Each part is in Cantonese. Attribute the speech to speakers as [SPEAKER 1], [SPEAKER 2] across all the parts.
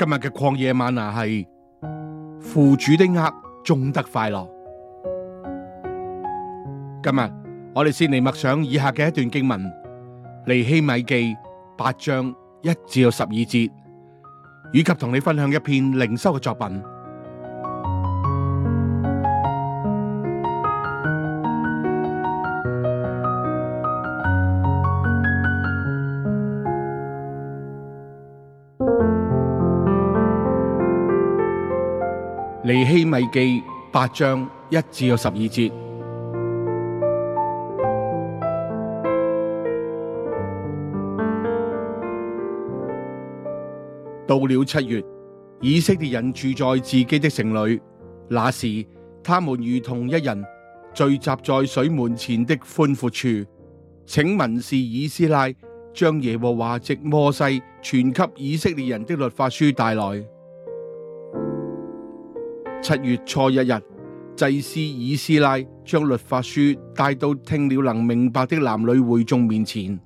[SPEAKER 1] 今日嘅曠野嗎哪，係負主的軛終得快樂。今日我哋先嚟默想以下嘅一段經文，《尼希米記》八章一至十二節，以及同你分享一篇靈修嘅作品。尼希米記八章一至十二節。到了七月，以色列人住在自己的城裏，那時他們如同一人，聚集在水門前的寬闊處。請文士以斯拉將耶和華藉摩西傳給以色列人的律法書帶來。七月初一日，日，祭司以斯拉將律法書帶到聽了能明白的男女會眾面前，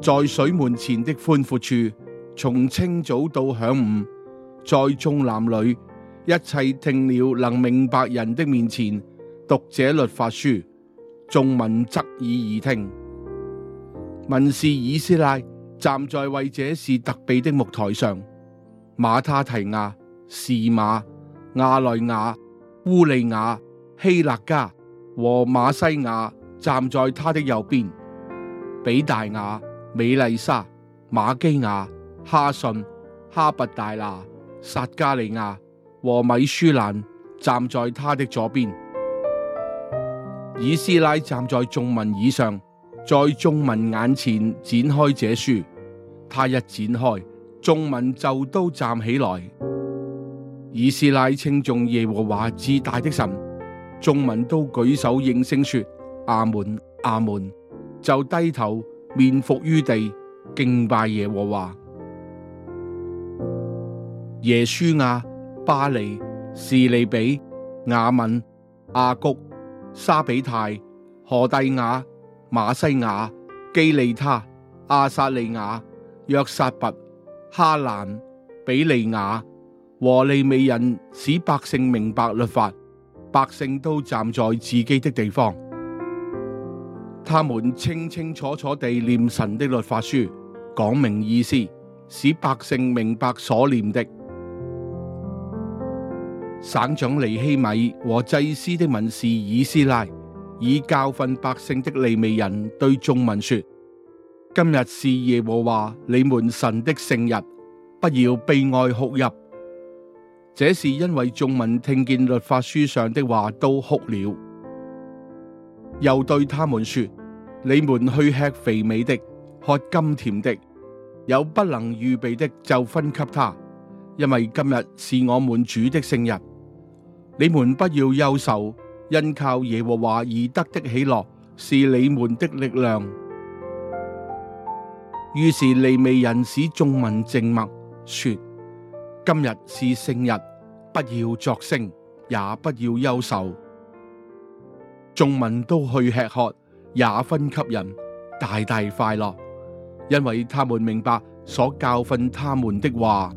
[SPEAKER 1] 在水門前的寬闊處，從清早到晌午，在眾男女一切聽了能明白人的面前讀這律法書，眾民側耳而聽。文士以斯拉站在為這事特備的木臺上，馬他提亞是馬。亞雷亞、烏利亞、希勒加和馬西亞站在他的右邊；比大亞、美麗莎、馬基亞、哈順、哈伯大拿、撒加利亞和米舒蘭站在他的左邊。以斯拉站在眾民以上，在眾民眼前展開這書，他一展開，眾民就都站起來。以斯拉稱頌耶和華至大的神，眾民都舉手應聲說：阿門，阿門，就低頭面伏於地敬拜耶和華。耶書亞、巴黎、士利比、亞敏、亞谷、沙比泰、荷第亞、馬西亞、基利他、阿撒利亞、約撒拔、哈蘭、比利亞。和利未人使百姓明白律法，百姓都站在自己的地方，他們清清楚楚地念神的律法書，講明意思，使百姓明白所念的。省長尼希米和祭司的文士以斯拉，以教訓百姓的利未人對眾民說：今日是耶和華你們神的聖日，不要悲哀哭泣。這是因為眾民聽見律法書上的話都哭了，又對他們說：你們去吃肥美的，喝甘甜的，有不能預備的就分給他，因為今日是我們主的聖日。你們不要憂愁，因靠耶和華而得的喜樂是你們的力量。於是利未人使眾民靜默，說。今日是聖日，不要作聲，也不要憂愁。眾民都去吃喝，也分給人，大大快樂，因為他們明白所教訓他們的話。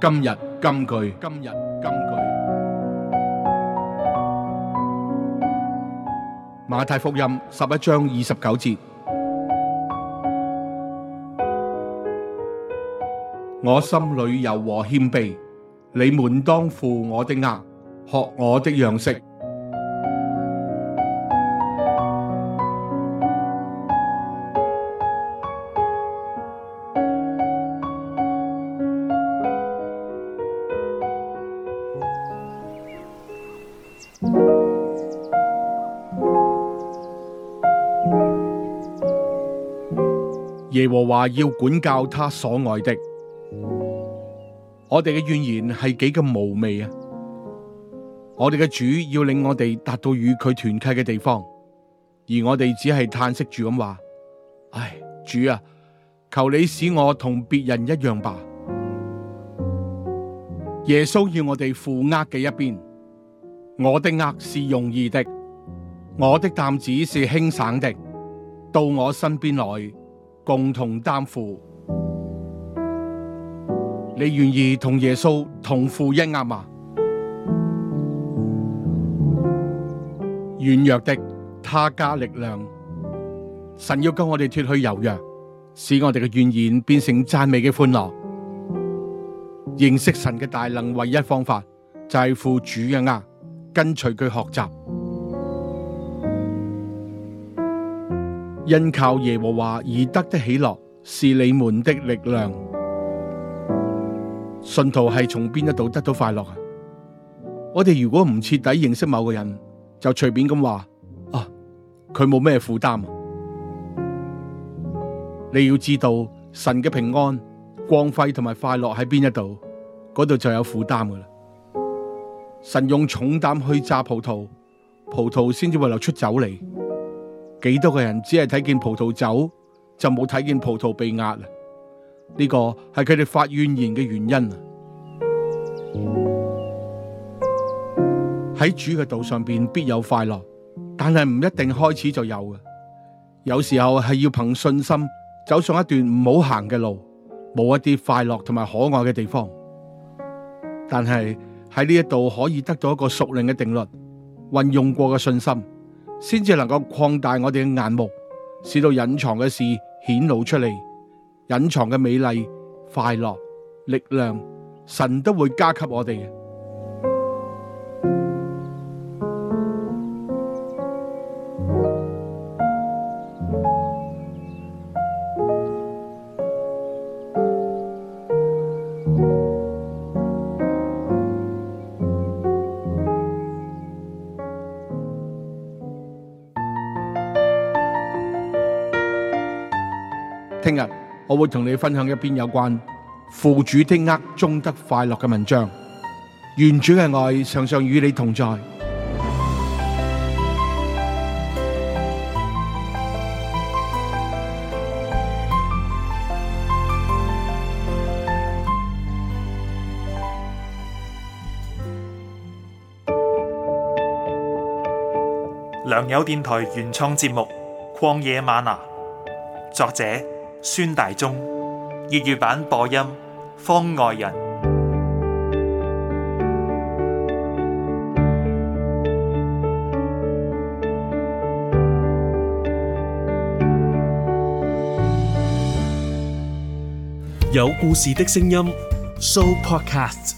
[SPEAKER 1] 今日金句，今日金句。馬太福音十一章二十九節，我心裏柔和謙卑，你們當負我的軛，學我的樣式。耶和華要管教他所愛的，我哋嘅怨言係幾咁無味啊！我哋嘅主要令我哋達到與佢團契嘅地方，而我哋只係嘆息住咁話：唉，主啊，求你使我同別人一樣吧。耶穌要我哋負軛嘅一邊，我的軛是容易的，我的擔子是輕省的，到我身邊來。共同擔負，你願意同耶穌同負一軛嗎？軟弱的他加力量，神要救我哋脱去柔弱，使我哋嘅怨言變成讚美嘅歡樂。認識神嘅大能，唯一方法就係負主嘅軛，跟隨佢學習。因靠耶和華而得的喜樂是你們的力量。信徒係從邊一度得到快樂啊？我哋如果唔徹底認識某個人，就隨便咁話啊，佢冇咩負擔啊。你要知道神嘅平安、光輝同埋快樂喺邊一度，嗰度就有負擔噶啦。神用重擔去榨葡萄，葡萄先至會流出酒嚟。幾多個人只係睇見葡萄酒，就冇睇見葡萄被壓啊！呢個係佢哋發怨言嘅原因啊！喺主嘅道上邊必有快樂，但係唔一定開始就有嘅。有時候係要憑信心走上一段唔好行嘅路，冇一啲快樂同埋可愛嘅地方。但係喺呢一度可以得到一個屬靈嘅定律，運用過嘅信心，先至能夠擴大我哋嘅眼目，使到隱藏嘅事顯露出嚟，隱藏嘅美麗、快樂、力量，神都會加給我哋。聽日我會同你分享一篇有關負主的軛終得快樂嘅文章。願主嘅愛常常與你同在。良友電台原創節目《曠野嗎哪》，作者。孫大中粵語版播音，方外人，有故事的聲音 show podcast。